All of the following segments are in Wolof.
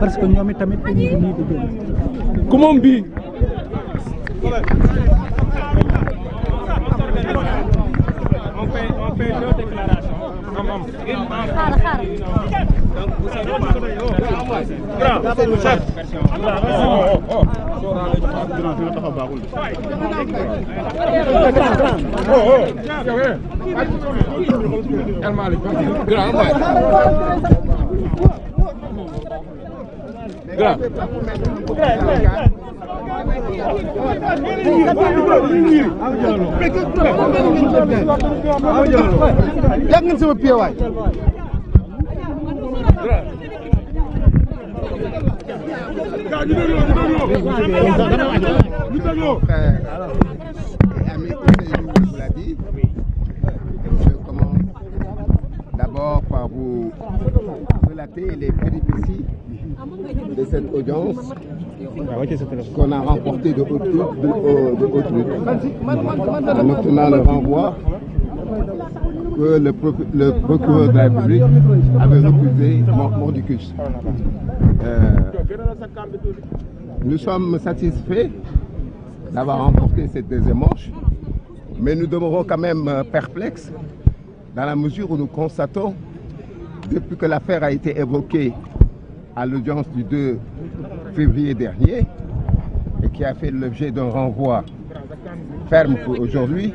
parce que ñoom itamit tamit ñu ngi nii di génn ku moom grand yàgg ngeen sama pied waay D'abord par vous relater les péripéties de cette audience qu'on a remportée de haute lutte, de, euh, le renvoi que le, procureur de la République avait refusé Mordicus. Euh, nous sommes satisfaits d'avoir remporté cette deuxième manche, mais nous demeurons quand même euh, perplexes dans la mesure où nous constatons, depuis que l'affaire a été évoquée à l'audience du 2 février dernier et qui a fait l'objet d'un renvoi ferme pour aujourd'hui,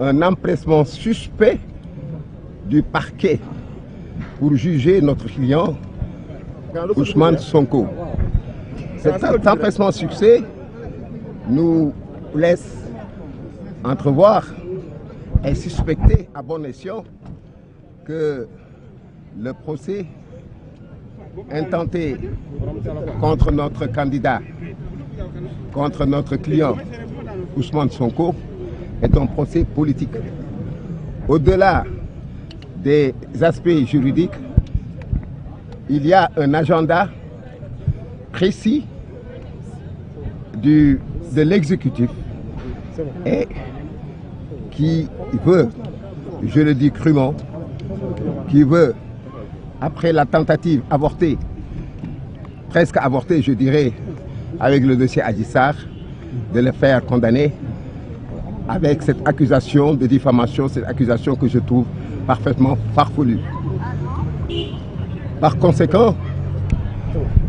un empressement suspect du parquet pour juger notre client Ousmane Sonko. Cet empressement succès nous laisse entrevoir et suspecter à bon escient que le procès intenté contre notre candidat, contre notre client Ousmane Sonko, est un procès politique. Au-delà des aspects juridiques, il y a un agenda précis du, de l'exécutif et qui veut, je le dis crûment, qui veut après la tentative avortée, presque avortée je dirais, avec le dossier Adissar, de le faire condamner avec cette accusation de diffamation, cette accusation que je trouve parfaitement farfelue. Par conséquent,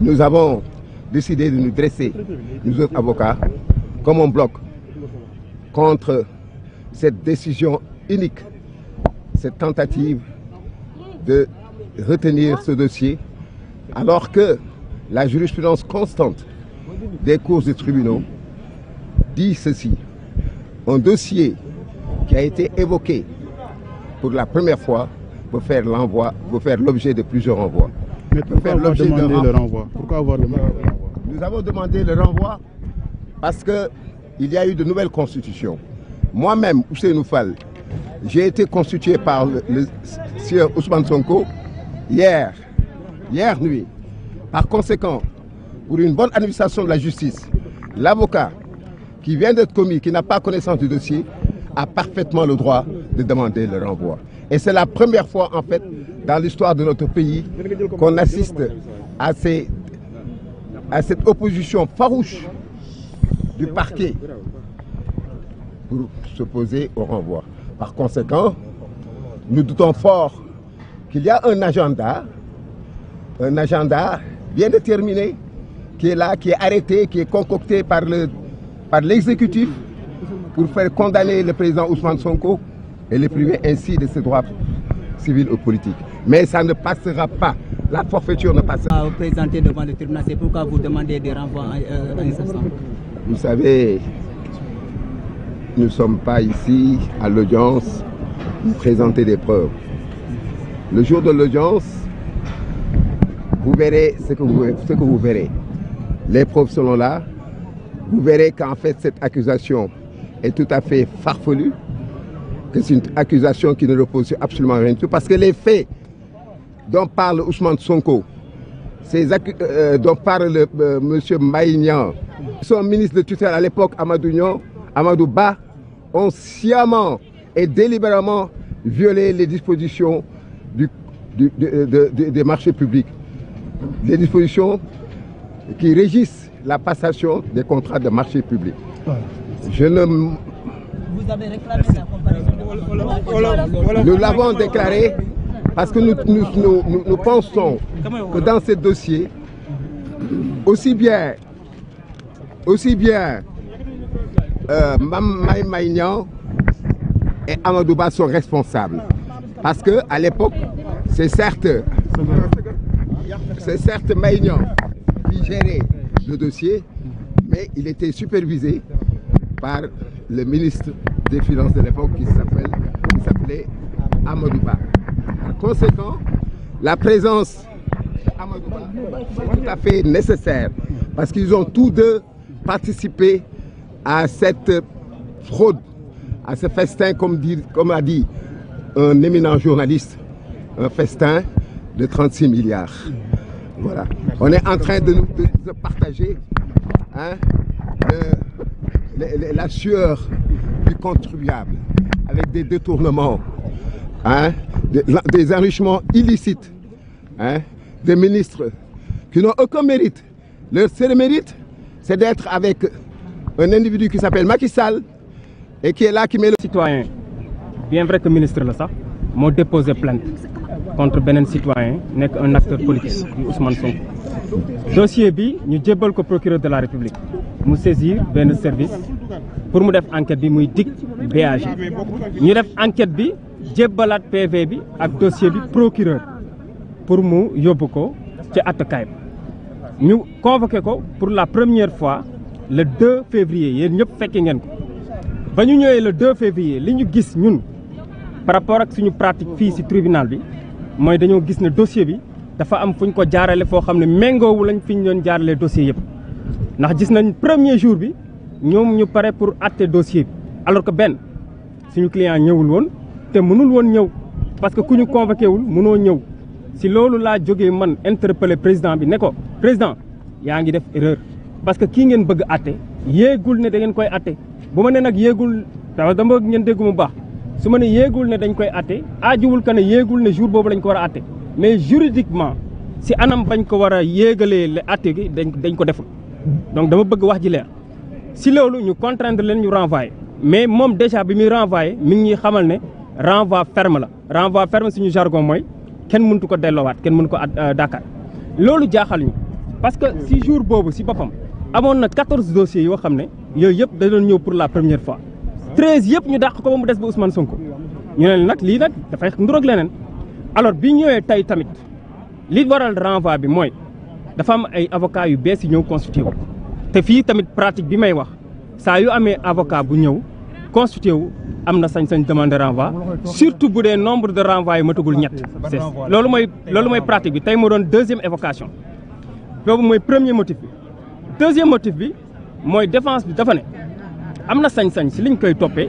nous avons décidé de nous dresser, nous autres avocats, comme un bloc contre cette décision unique, cette tentative de retenir ce dossier alors que la jurisprudence constante des cours et tribunaux dit ceci. Un dossier qui a été évoqué pour la première fois peut faire l'envoi, peut faire l'objet de plusieurs renvois. Nous avons demandé le renvoi parce que il y a eu de nouvelles constitutions. Moi-même, Ousseinou Fall, j'ai été constitué par le, sieur Ousmane Sonko hier, hier nuit. Par conséquent, pour une bonne administration de la justice, l'avocat qui vient d'être commis, qui n'a pas connaissance du dossier, a parfaitement le droit de demander le renvoi. Et c'est la première fois, en fait, dans l'histoire de notre pays, qu'on assiste à, ces, à cette opposition farouche du parquet pour Par conséquent, nous doutons fort qu'il y a un agenda, un agenda bien déterminé, qui est là, qui est arrêté, qui est concocté par le par l'exécutif pour faire condamner le président Ousmane Sonko et le priver ainsi de ses droits civils ou politiques. Mais ça ne passera pas. La forfaiture ne passera pas. Présenté devant le tribunal, c'est pourquoi vous demandez des renvois à instance. Euh, vous savez, nous ne sommes pas ici à l'audience pour présenter des preuves. Le jour de l'audience, vous verrez ce que vous, ce verrez. Les preuves seront là. Vous verrez qu'en fait, cette accusation est tout à fait farfelue, que c'est une accusation qui ne repose sur absolument rien du parce que les faits dont parle Ousmane Sonko, ces euh, euh, dont parle euh, M. Maïnian, son ministre de tutelle à l'époque, Amadou Nyon, Amadou Ba, ont sciemment et délibérément violé les dispositions des marchés publics, les dispositions qui régissent la passation des contrats de marché public. Je ne... Vous Nous l'avons déclaré parce que nous, nous, nous, nous pensons que dans ce dossier, aussi bien, aussi bien euh, Mme Maïmaïnian et Amadouba sont responsables. Parce que à l'époque, c'est certes c'est certes Maïgnan qui gérait le dossier, mais il était supervisé par le ministre des Finances de l'époque qui s'appelle qui s'appelait Amadou Ba. Par conséquent, la présence d'Amadou Ba est tout à fait nécessaire parce qu'ils ont tous deux participé à cette fraude, à ce festin comme dit comme a dit un éminent journaliste de 36 milliards voilà on est en train de nous de, de partager hein le, le, la des détournements des, des enrichements illicites hein des ministres qui n'ont avec un individu qui s'appelle Macky Sall et bien vrai que ministre la sax moo déposé plainte contre beneen citoyen nekk un acteur politique du Ousmane Sonko. dossier bi ñu jébbal ko procureur de la République mu saisir benn service pour mu def enquête bi muy DIC BAG ñu def enquête bi jébbalaat PV bi ak dossier bi procureur pour mu yóbbu ko ci attakaay ñu convoqué ko pour la première fois le 2 février yéen ñëpp fekke ngeen ko ba ñu ñëwee février li ñu gis ñun par rapport ak suñu pratique fii si tribunal bi mooy dañoo gis ne dossier bi dafa am fu ñu ko jaarale foo xam ne méngoowu lañ fi ñu doon jaaralee dossier yëpp ndax gis nañ premier jour bi ñoom ñu pare pour àtte dossier bi alors que benn suñu client ñëwul woon te mënul woon ñëw parce que ku ñu convoqué wul mënoo ñëw si loolu laa jóge man interpellé président bi ne ko président yaa ngi def erreur parce que kii ngeen bëgg àtte yéegul ne da ngeen koy àtte bu ma ne nag yéegul dama ngeen dégg mu baax su ma ne yéegul ne dañ koy atte aajuwul que ne yéegul ne jour boobu lañ ko war a atte mais juridiquement si anam bañ ko war a yéegalee le atte gi dañ dañ ko deful donc dama bëgg wax ji leer si loolu ñu contraindre leen ñu renvoyé mais moom déjà bi muy renvoyé mi ngi ñuy xamal ne renvoi ferme la renvoi ferme suñu jargon mooy kenn mëntu ko delloowaat kenn mënu ko at euh, Dakar loolu jaaxal ñu parce que si jour boobu si boppam amoon na quatorze dossiers yoo xam ne yooyu yëpp da doon ñëw pour la première fois treize yëpp ñu dàq ko ba mu des ba Ousmane Sonko ñu ne nag lii nag dafa nduroog leneen alors bi ñëwee tey tamit li waral renvoi bi mooy dafa am ay avocat yu bees ñëw constitué wu te fii tamit pratique bi may wax saa yu amee avocat bu ñëw constitué wu am na sañ-sañ demande de renvoi surtout bu dee nombre de renvoi yu matagul ñett c'est loolu mooy loolu mooy pratique bi tey moo doon deuxième évocation boobu mooy premier motif bi deuxième motif bi mooy défense bi dafa ne am na sañ-sañ si liñ koy toppee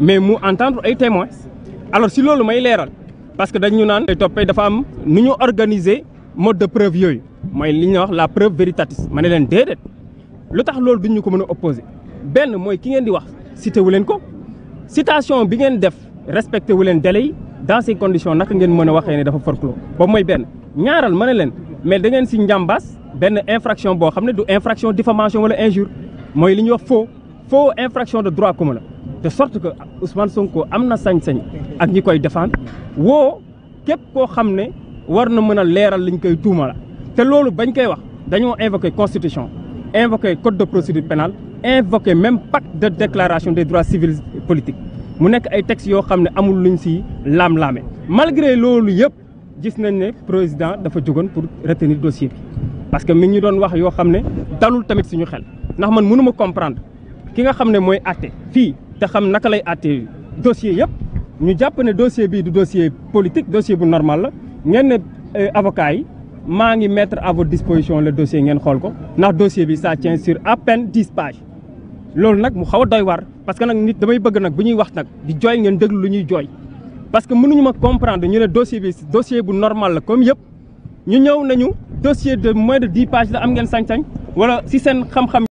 mais mu entendre ay témoins alors si loolu may leeral parce que dañu naan koy toppee dafa am nu ñu organiser mode de preuve yooyu mooy li ñuy wax la preuve véritatis ma ne leen déedéet lu tax loolu duñu ko mën a opposer benn mooy ki ngeen di wax cité wu leen ko citation bi ngeen def respecté wu leen délai dans ces naka ngeen mën a waxee ne dafa forclos boobu mooy benn ñaaral ma ne leen mais da ngeen si benn infraction boo xam ne du infraction diffamation wala injure mooy li ñuy wax faux faux infraction de droit commun la de sorte que Ousmane Sonko am na sañ-sañ ak ñi koy défendre woo képp koo xam ne war na mën a leeral liñ koy tuuma te loolu bañ koy wax dañoo invoqué constitution invoqué code de procédure pénale invoqué même pacte de déclaration de droits civils et mu nekk ay textes yoo xam ne amul luñ si laam-laame malgré loolu yëpp gis nañ ne président dafa jógoon pour retenir dossier bi parce que mi ñu doon wax yoo xam ne talul tamit suñu xel ndax man mënuma comprendre ki nga xam ne mooy àtte fii te xam naka lay àtte dossier yëpp ñu jàpp ne dossier bii du dossier politique dossier bu normal la ngeen ne euh, avocat yi maa ngi mettre à votre disposition le dossier ngeen xool ko ndax dossier bi ça tient sur à peine loolu nag mu xaw a doy war parce que nag nit damay bëgg nag bu ñuy wax nag di jooy ngeen déglu lu ñuy jooy parce que mënuñu ma comprendre ñu ne dossier bi dossier bu normal la comme yëpp ñu ñëw nañu dossier de moins de dix pages la am ngeen sañ